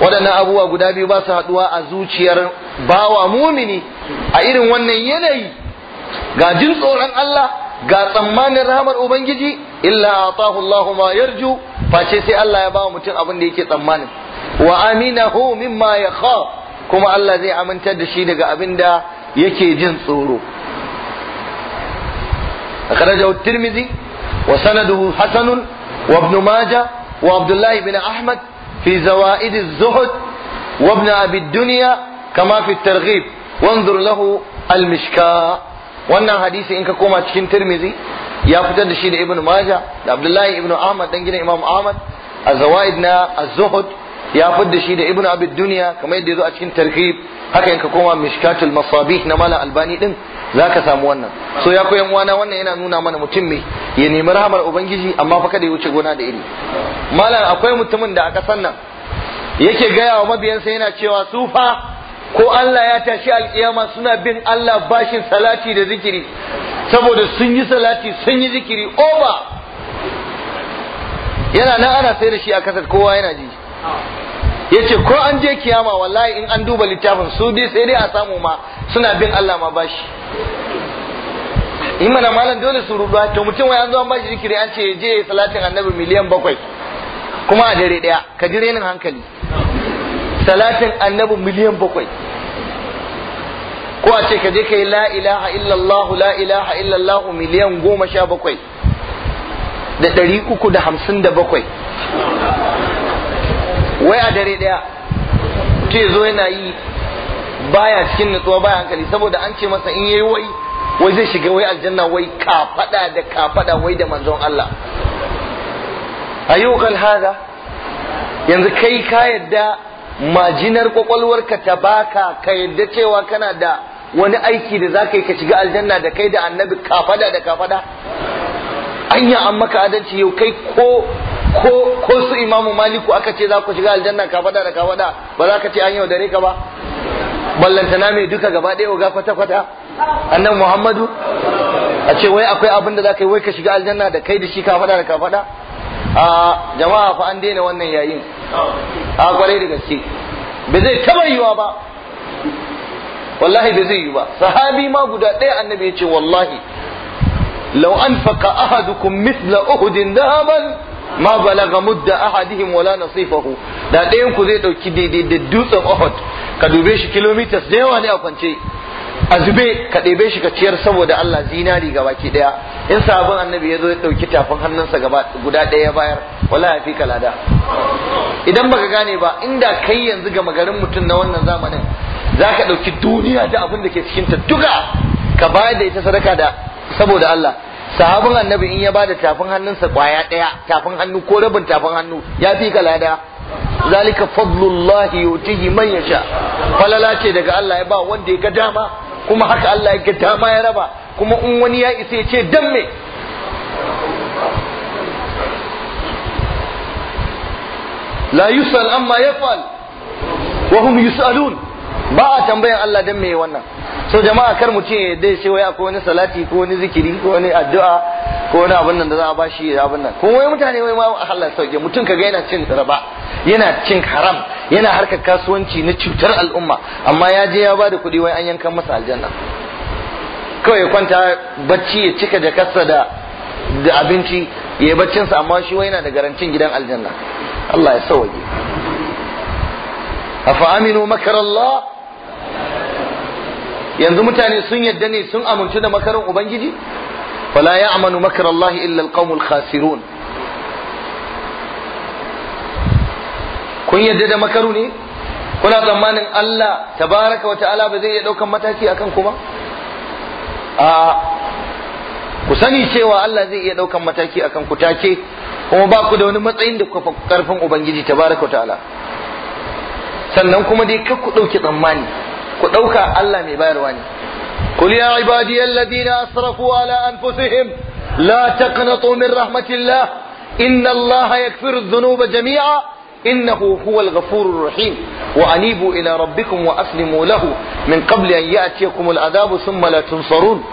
waɗannan abubuwa guda biyu ba su haɗuwa a zuciyar bawa mumini a irin wannan yanayi ga jin tsoron Allah ga tsammanin rahamar ubangiji illa atahu Allahu ma yarju face sai Allah ya ba mutum abin da yake tsammanin wa aminahu mimma yakhaf kuma Allah zai amintar da shi daga abin da yake jin tsoro akhrajahu at wa sanadu Hassanun, wa ibn Majah wa Abdullahi bin Ahmad fi zawaid zuhud wa ibn kama fi at-targhib وانظر له المشكاة wannan hadisi in ka koma cikin tirmizi ya fitar da shi da ibnu maja da abdullahi ibnu ahmad dan gidan imam ahmad A zawaid na az-zuhud ya fitar da shi da ibnu abid dunya kamar yadda yazo a cikin tarhib haka in ka koma mishkatul masabih na mala albani din zaka samu wannan so ya koyan wana wannan yana nuna mana mutum me ya nemi rahamar ubangiji amma fa kada ya wuce gona da iri malam akwai mutumin da a kasan nan yake gaya wa mabiyansa yana cewa su fa ko Allah ya tashi alƙiyama suna bin Allah bashin salati da zikiri saboda sun yi salati sun yi zikiri oba yana nan ana sai da shi a kasar kowa yana ji Ya ce ko an je kiyama wallahi in an duba littafin su dai sai dai a samu ma suna bin Allah ma bashi in mana malam dole su rubuwa to mutum wai an zo an bashi zikiri an ce je salatin annabi miliyan bakwai kuma a dare daya ka ji renin hankali salatin annabi miliyan bakwai ko a ce ka je ka yi la ilaha illallah la ilaha illallah miliyan goma sha bakwai da ɗari uku da hamsin da bakwai wai a dare ɗaya ce zo yana yi baya cikin nutsuwa baya hankali saboda an ce masa in yayi wai wai zai shiga wai aljanna wai kafada da kafada wai da manzon Allah ayyukan haza yanzu kai ka yadda majinar kwakwalwarka ta baka ka yadda cewa kana da wani aiki da za ka yi ka shiga aljanna da kai da annabi kafada da kafada anya an maka adalci yau kai ko ko ko su imamu maliku aka ce za ku shiga aljanna kafada da kafada ba za ka ce an yau dare ka ba ballantana mai duka gaba ɗaya ga kwata kwata annan muhammadu a ce wai akwai abin da za ka yi wai ka shiga aljanna da kai da shi kafada da kafada a jama'a fa an daina wannan yayin a kwarai da gaske ba zai taba yiwa ba wallahi ba zai yi ba sahabi ma guda ɗaya annabi ya ce wallahi لو faka أحدكم misla uhudin ذهبا Ma balaga mudda أحدهم wala نصيفه da ɗayan ku zai ɗauki daidai da dutsen Uhud ka dube shi kilomitas da yawa ne a kwance a zube ka ɗebe shi ka ciyar saboda Allah zinari ga baki ɗaya in sabon annabi ya zo ya ɗauki tafin hannunsa gaba guda ɗaya bayar wala ya fi kalada idan baka gane ba inda kai yanzu ga magarin mutum na wannan zamanin za ka ɗauki duniya da abin da ke cikinta duka ka bayar da ita sadaka da saboda Allah sahabin annabi in ya ba da tafin hannunsa kwaya ɗaya tafin hannu ko rabin tafin hannu ya fi kalada zalika fadlullahi yutihi man yasha falala ce daga Allah ya ba wanda ya ga dama kuma haka Allah ya ma ya raba kuma in wani ya isa ya ce dan me la yusal amma yafal wa hum yusalun ba a tambayan Allah dan me wannan so jama'a kar mu ce dai sai wai akwai wani salati ko wani zikiri ko wani addu'a ko wani abin nan da za a bashi abin nan kuma wai mutane wai ma Allah sauke mutum kaga yana cin raba yana cin haram yana harkar kasuwanci na cutar al'umma amma ya je ya ba da kuɗi wai an yankan masa aljanna kawai ya kwanta bacci ya cika jakarsa da da abinci ya yi baccinsa amma shi wai yana da garancin gidan aljanna Allah ya sauke afa aminu makarallah yanzu mutane sun yadda ne sun amintu da makarin ubangiji Wala ya'manu makar Allah illa alqaumul khasirun kun yadda da makaru ne kuna tsammanin Allah tabaraka wa ta'ala ba zai iya mataki akan ku ba a ku sani cewa Allah zai iya daukan mataki akan ku take kuma ba ku da wani matsayin da kuka karfin ubangiji tabaraka wa ta'ala sannan kuma dai kar ku dauki tsammani ku ɗauka Allah mai bayarwa ne قل يا عبادي الذين أسرفوا على أنفسهم لا تقنطوا من رحمة الله إن الله يكفر الذنوب جميعا إنه هو الغفور الرحيم وأنيبوا إلى ربكم وأسلموا له من قبل أن يأتيكم العذاب ثم لا تنصرون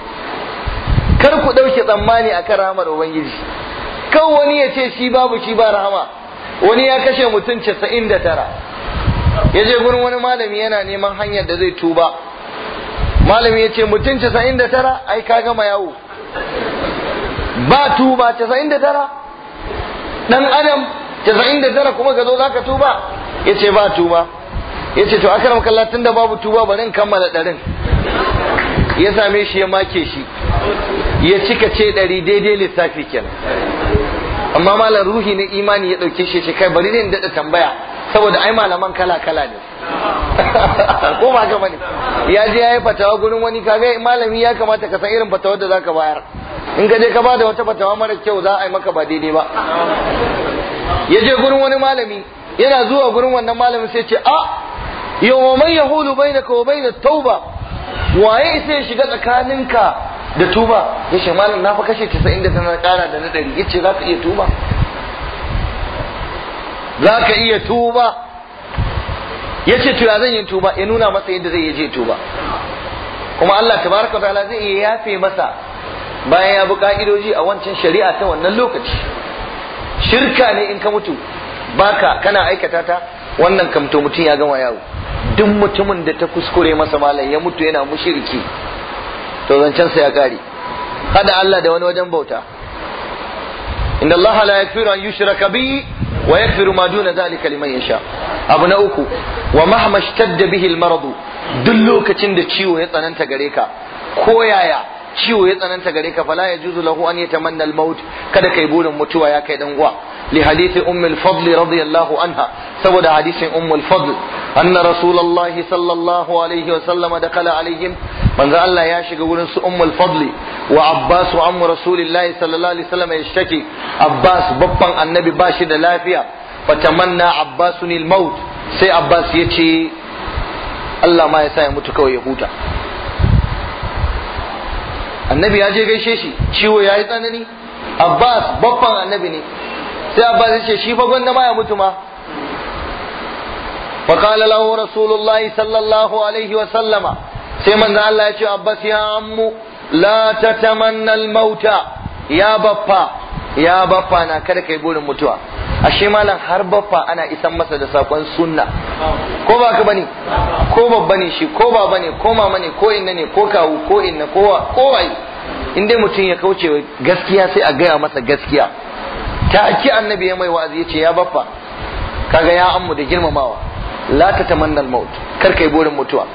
كركو دوشي tsammani a kan rahamar Ubangiji, kan wani ya ce shi babu shi ba rahama, wani ya kashe mutum casa'in da tara, ya je gurin wani malami yana neman hanyar da zai tuba malami ya ce mutum casa'in da tara ai ka gama yawo ba tuba casa'in da tara ɗan adam casa'in da tara kuma ka zo za ka tuba ya ce ba tuba ya ce to akaram kalla tun da babu tuba bari in kammala ɗarin ya same shi ya make shi ya cika ce ɗari daidai lissafi kenan amma malam ruhi na imani ya ɗauke shi kai bari ne in daɗa tambaya saboda ai malaman kala kala ne ko ba ga bane ya je yayi fatawa gurin wani kaga malami ya kamata ka san irin fatawar da zaka bayar in ka je ka bada wata fatawa mara kyau za a yi maka ba daidai ba ya je gurin wani malami yana zuwa gurin wannan malamin sai ce a ah, yau mai yahulu bainaka wa bainat tauba waye sai shiga tsakaninka da tuba ya malam na fa kashe 99 na kara da na dari yace za ka iya tuba za ka iya tuba ya ce tuya zan yi tuba ya nuna masa yadda zai je tuba kuma Allah tabaraka ta'ala zai iya yafe masa bayan ya bi ka'idoji a wancan shari'a ta wannan lokaci shirka ne in ka mutu baka kana aikata ta wannan kamto mutum ya gama yawo duk mutumin da ta kuskure masa malam ya mutu yana mushirki to zancensa ya kare hada Allah da wani wajen bauta inda Allah la yakfiru an yushraka bihi wa yaghfiru ma duna zalika liman yasha abu na uku wa mahma ishtadda bihi maradu duk lokacin da ciwo ya tsananta gare ka ko yaya ciwo ya tsananta gare ka fala yajuzu lahu an ta al-maut kada ka yi burin mutuwa ya kai dan uwa li hadithi ummul fadl radiyallahu anha saboda hadisin ummul fadl anna rasulullahi sallallahu alaihi wa sallama dakala alaihim manzo Allah ya shiga wurin su ummul fadl wa abbas wa ammu rasulillahi sallallahu alaihi wasallam yashtaki abbas babban annabi bashi da lafiya fatamanna abbasun al-maut sai abbas yace Allah ma ya sa ya mutu kawai ya huta annabi ya je gaishe shi ciwo ya yi tsanani abbas baffan annabi ne sai abbas ce shi fa gwanda ma ya mutu ma rasulullahi sallallahu alaihi wa sallama sai manzo Allah ya ce abba sai ammu la tatamanna al mauta. Ya بابا ya بابا na kada kai gurin mutuwa ashe malam har baffa ana isan masa da sakon sunna ko ba ka bane ko babba ne shi ko baba ne ko mama ne ko inna ne ko kawu ko inna kowa kowai in dai mutum ya kauce gaskiya sai a gaya masa gaskiya ta ki annabi ya mai wa'azi ya ce ya baffa kaga ya ammu da girmamawa la ta tamanna al-maut kar kai burin mutuwa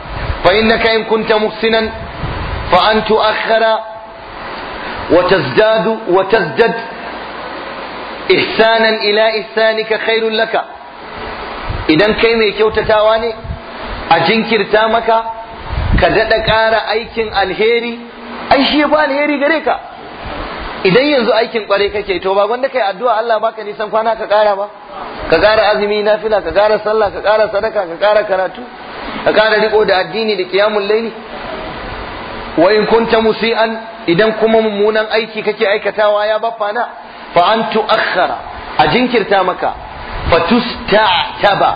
fa innaka in kunta muhsinan fa an tu'akhkhara wa tazdadu wa tazdad ihsanan ila ihsanika khairul laka idan kai mai kyautatawa ne a jinkirta maka ka dada kara aikin alheri ai shi ba alheri gare ka idan yanzu aikin kware kake to ba gwanda kai addu'a Allah baka nisan kwana ka kara ba ka kara azumi nafila ka kara sallah ka kara sadaka ka kara karatu ka kara riko da addini da qiyamul layli wa in kunta musian idan kuma mummunan aiki kake aikatawa ya baffana fa an tuakhkhara a jinkirta maka fa tusta'taba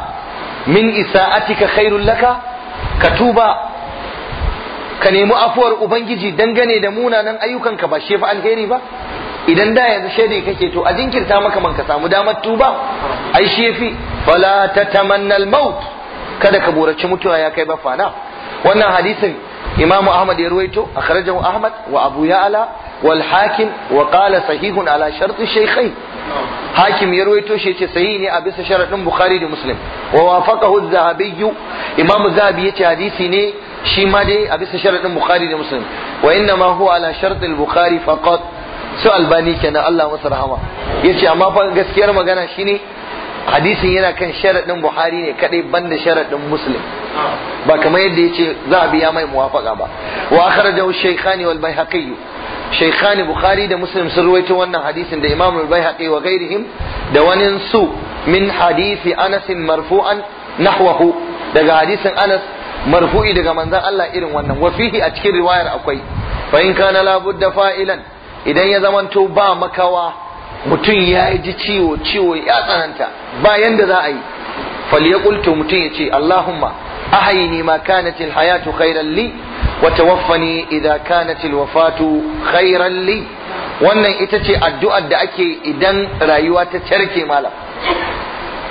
min isa'atika khairul laka ka tuba ka nemi afuwar ubangiji dangane da munanan ayyukanka ba shefa alheri ba idan da yanzu shaidi kake to a jinkirta maka man ka samu damar tuba ai shefi wala ta tamannal maut kada ka boraci mutuwa ya kai ba fana. wannan hadisin imamu ahmad ya ruwaito akhrajahu ahmad wa abu ya'la wal hakim wa qala sahihun ala shartu shaykhain hakim ya ruwaito shi yace sahihi ne a bisa sharadin bukhari da muslim wa wafaqahu az-zahabi imamu zahabi yace hadisi ne shi ma dai a bisa sharaɗin bukhari da muslim wa inna ma huwa ala shartil bukhari faqat su albani kenan Allah masa rahama ce amma fa gaskiyar magana shine hadisin yana kan sharaɗin Bukhari ne kadai banda sharaɗin muslim ba kamar yadda ce za a biya mai muwafaka ba wa akhrajahu shaykhani wal baihaqi shaykhani bukhari da muslim sun ruwaito wannan hadisin da imam al bayhaqi wa ghairihim da wani su min hadisi anas marfu'an nahwahu daga hadisin anas marfu'i daga manzan Allah irin wannan wa fihi a cikin riwayar akwai fa in kana la budda fa'ilan idan ya zamanto ba makawa mutum ya ji ciwo ciwo ya tsananta ba yanda za a yi falyaqul to mutum ya ce Allahumma ahayni ma kanat hayatu khayran li wa tawaffani idha kanat alwafatu khayran li wannan ita ce addu'ar da ake idan rayuwa ta carke malam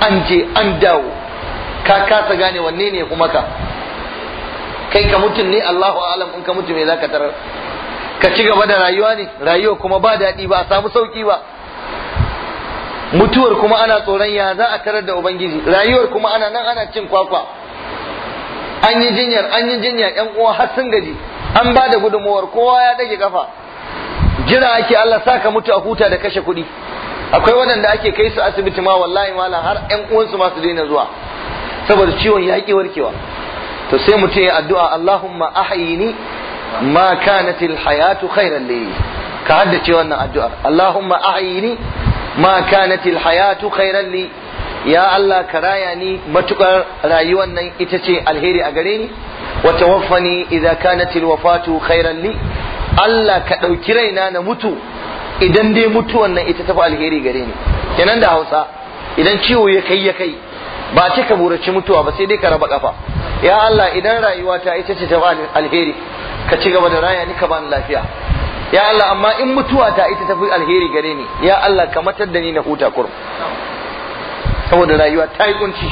an je an dawo ka kasa gane wanne ne kuma ka kai ka mutum ne Allahu alam in ka mutum ne zaka tarar ka ci gaba da rayuwa ne rayuwa kuma ba daɗi ba a samu sauki ba mutuwar kuma ana tsoron ya za a tarar da ubangiji rayuwar kuma ana nan ana cin kwakwa an yi jinyar an yi jinya yan uwa har sun gaji an ba da gudunmuwar kowa ya dage kafa jira ake Allah sa ka mutu a huta da kashe kuɗi akwai waɗanda ake kai su asibiti ma wallahi malam har yan uwansu masu daina zuwa saboda ciwon yaƙi warkewa to sai mutum ya addu'a Allahumma ahyini ma kanatil hayatu khairan li ka haddace wannan addu'ar Allahumma ahyini ma kanatil hayatu khairan li ya Allah ka raya ni matukar rayuwar nan ita ce alheri a gare ni wa tawaffani idza kanatil wafatu khairan li Allah ka ɗauki raina na mutu idan dai mutuwan nan ita tafi alheri gare ni kenan da Hausa idan ciwo ya kai ya kai ba ce ka buraci mutuwa ba sai dai ka raba kafa ya Allah idan rayuwa ta ita ce ta bani alheri ka ci gaba da raya ni ka bani lafiya ya Allah amma in mutuwa ta ita tafi alheri gare ni ya Allah ka matar da ni na huta kurum saboda rayuwa ta yi kunci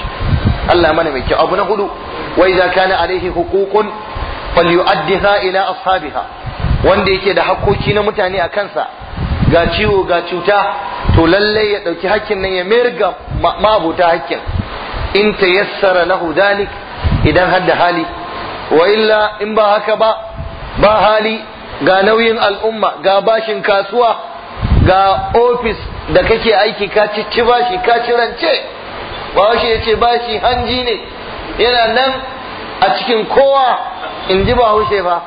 Allah mana mai kyau abu na hudu wa idza kana alaihi huququn falyu'addiha ila ashabiha wanda yake da hakkoki na mutane a kansa ga ciwo ga cuta to lallai ya dauki hakkin nan ya mayar ga ma'abuta hakkin in tayassara lahu dalik idan hadda hali wa illa in ba haka ba ba hali ga nauyin al'umma ga bashin kasuwa ga ofis da kake aiki ka ci bashi ka cirance ba shi ya ce bashi hanji ne yana nan a cikin kowa in ji ba haushe ba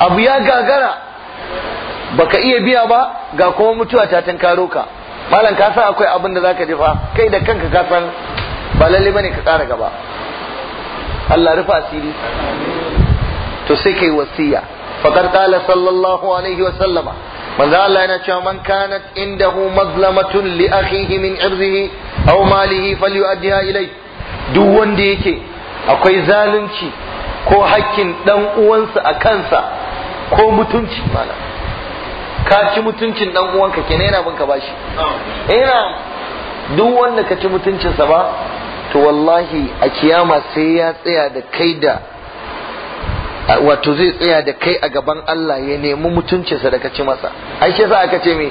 abu ya gagara baka iya biya ba ga kuma mutuwa ta tankaro ka malam ka san akwai abin da zaka difa kai da kanka ka san ba lalle bane ka tsara gaba Allah rufa asiri to sai kai wasiya faqad qala sallallahu alaihi wa sallama manzo Allah yana cewa man kanat indahu mazlamatun li akhihi min irzihi aw malihi falyu'addiha ilai duk wanda yake akwai zalunci ko hakkin dan uwansa a kansa ko mutunci malam ka ci mutuncin dan uwanka kenan yana bin ka bashi oh. Ina duk wanda ka ci mutuncinsa ba to wallahi a kiyama sai ya tsaya da kai da wato zai tsaya da kai a gaban Allah ya nemi mutuncinsa da ka ci masa ai shi yasa aka ce me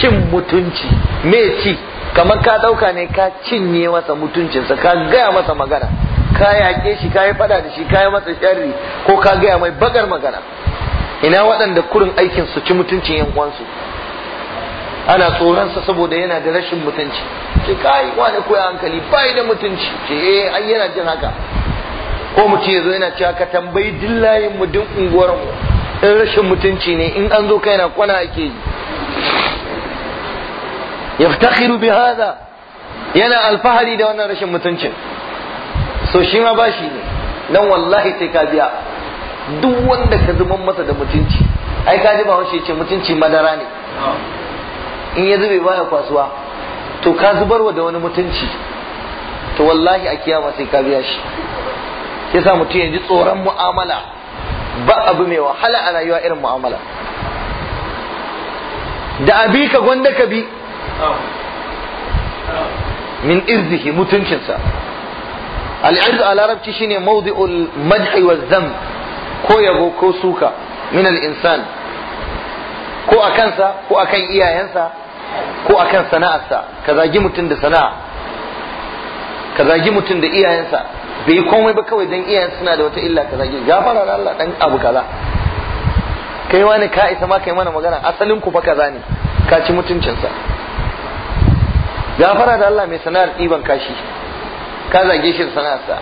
cin mutunci me ci kamar ka dauka ne ka cinye masa mutuncinsa ka gaya masa magana ka yaƙe shi ka yi fada da shi ka yi masa sharri ko ka gaya mai bagar magana ina waɗanda kurin aikin su ci mutuncin yan uwansu ana tsoronsa saboda yana da rashin mutunci ce kai wani koya hankali bai da mutunci ce eh ai yana jin haka ko mu ce yazo yana cewa ka tambayi dillayin mu din unguwar mu in rashin mutunci ne in an zo kai na kwana ake yi yaftakhiru bi hada yana alfahari da wannan rashin mutuncin so shi ma bashi ne dan wallahi sai ka biya duk wanda ka zuban masa da mutunci ai ka ji ba ya ce mutunci madara ne in ya zube baya kwasuwa to ka zubarwa da wani mutunci to wallahi a kiyama sai ka biya shi yasa mutum ya ji tsoron mu'amala ba abu mai wahala a rayuwa irin mu'amala da abi ka gwanda ka bi min irzihi mutuncinsa al'irzu a larabci shine mawdi'ul madhi wa zan. ko yabo ko suka min al-insan ko a kansa ko akan iyayensa ko akan sana'arsa ka zagi mutum da sana'a ka zagi mutum da iyayensa bai komai ba kawai dan iyayensa suna da wata illa ka zagi gafara Allah dan abu kaza kai wani ka isa ma kai mana magana asalin ku fa kaza ne ka ci mutuncinsa gafara da Allah mai sana'ar ɗiban kashi ka zage shi da sana'arsa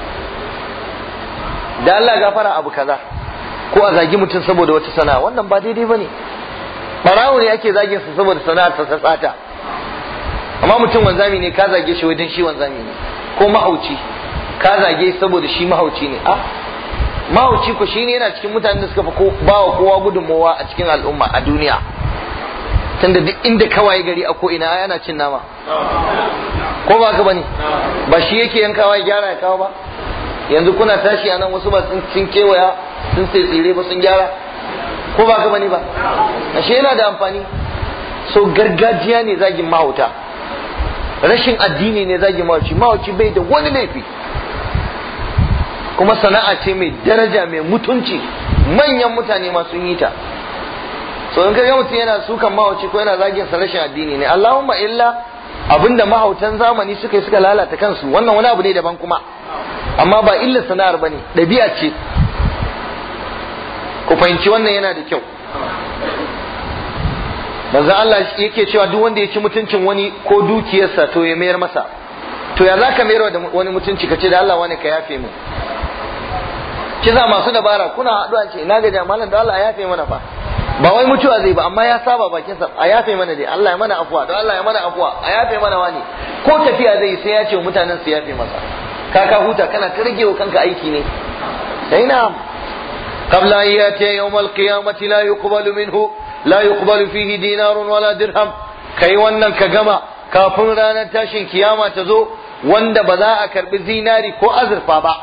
da Allah gafara abu kaza ko a zagi mutum saboda wata sana'a wannan ba daidai ne barawo ne ake zagin sa saboda sana'ar sa tsata amma mutum wanzami ne ka zage shi wajen shi wanzami ne ko mahauci ka zage saboda shi mahauci ne a ah, mahauci ko shine yana cikin mutane da suka fi bawa kowa gudunmawa a cikin al'umma a duniya tunda duk inda kawai gari a ko'ina yana cin nama ko ba ka bane ba shi yake yankawa gyara ya kawo ba yanzu kuna tashi a nan wasu ba sun kewaya sun sai tsire ba sun gyara ko ba gaba ne ba ashe yana da amfani so gargajiya ne zagin mahauta rashin addini ne zagin mahauci mahauci bai da wani laifi kuma sana'a ce mai daraja mai mutunci manyan mutane ma sun yi ta so in mutum yana sukan mahauci ko yana zagin sa rashin addini ne Allahumma illa abinda mahautan zamani suka yi suka lalata kansu wannan wani abu ne daban kuma amma ba illa sana'ar bane Dabi'a ce ku fahimci wannan yana da kyau manzo Allah yake cewa duk wanda ya ci mutuncin wani ko dukiyarsa to ya mayar masa to ya zaka mayar da wani mutunci kace da Allah wani ka yafe mu kisa masu dabara kuna an ce ina ga jama'an da Allah ya yafe mana fa ba wai mutuwa zai ba amma ya saba bakin sa a yafe mana dai Allah ya mana afuwa to Allah ya mana afuwa a yafe mana wani ko tafiya zai sai ya ce mutanen su yafe masa ka ka huta kana ta rage kanka aiki ne sai na قبل أن يأتي يوم القيامة لا يقبل منه لا يقبل فيه دينار ولا درهم kai wannan ka gama kafin ranar tashin kiyama ta zo wanda ba za a karɓi zinari ko azurfa ba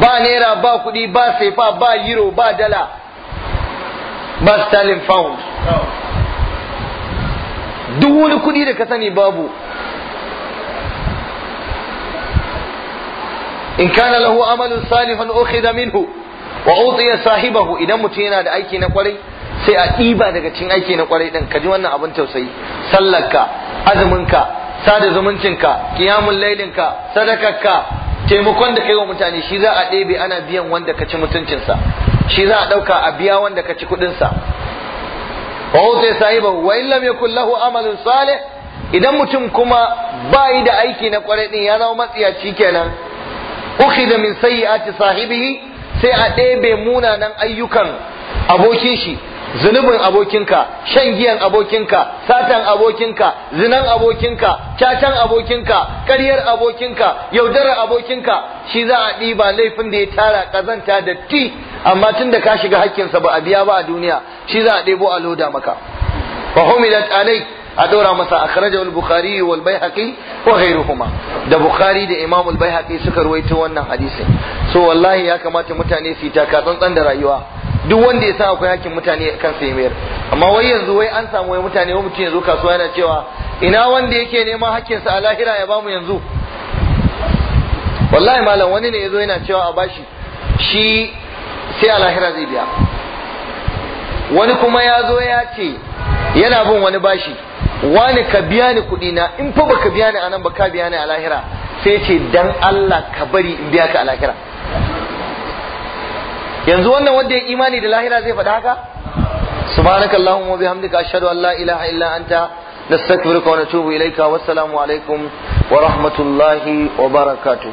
ba naira ba kuɗi ba saifa ba euro ba dala ba sterling pound duk wani kuɗi da ka sani babu in kana lahu amalun salihan ukhida minhu wa utiya sahibahu idan mutum yana da aiki na kwarai sai a ɗiba daga cikin aiki na kwarai din kaji wannan abin tausayi sallarka azuminka sada zumuncinka kiyamun lailinka sadakarka taimakon da kai wa mutane shi za a ɗebe ana biyan wanda ka ci mutuncinsa shi za a ɗauka a biya wanda ka ci kuɗinsa wa utiya sahibahu wa illam yakul lahu amalun salih idan mutum kuma bayi da aiki na kwarai din ya zama matsiyaci kenan ukhidha min sayyi'ati sahibihi sai a ɗebe munanan ayyukan abokin zunubin abokinka shan giyan abokinka satan abokinka zinan abokinka cacan abokinka ƙaryar abokinka yaudarar abokinka shi za a ɗiba laifin da ya tara ƙazanta da ti amma tun da ka shiga hakkinsa ba a biya ba a duniya shi za a ɗebo a loda maka fa alai a dora masa akhraja al-bukhari wal baihaqi wa ghayruhuma da bukhari da imam al suka ruwaito wannan hadisi so wallahi ya kamata mutane su taka tsantsan da rayuwa duk wanda yasa akwai hakkin mutane kan sai mayar amma wai yanzu wai an samu wai mutane wai mutum yanzu kasuwa yana cewa ina wanda yake neman hakkin sa a lahira ya bamu yanzu wallahi malam wani ne yazo yana cewa a bashi shi sai a zai biya wani kuma ya zo ya ce yana bin wani bashi wani ka biya ni kuɗi na in fa baka biya ni anan ba ka biya ni a lahira sai ce dan Allah ka bari in biya ka a lahira yanzu wannan wanda ya imani da lahira zai faɗa haka subhanakallahumma wa bihamdika ashhadu an la ilaha illa anta nastaghfiruka wa natubu ilayka wa assalamu alaikum wa rahmatullahi wa barakatuh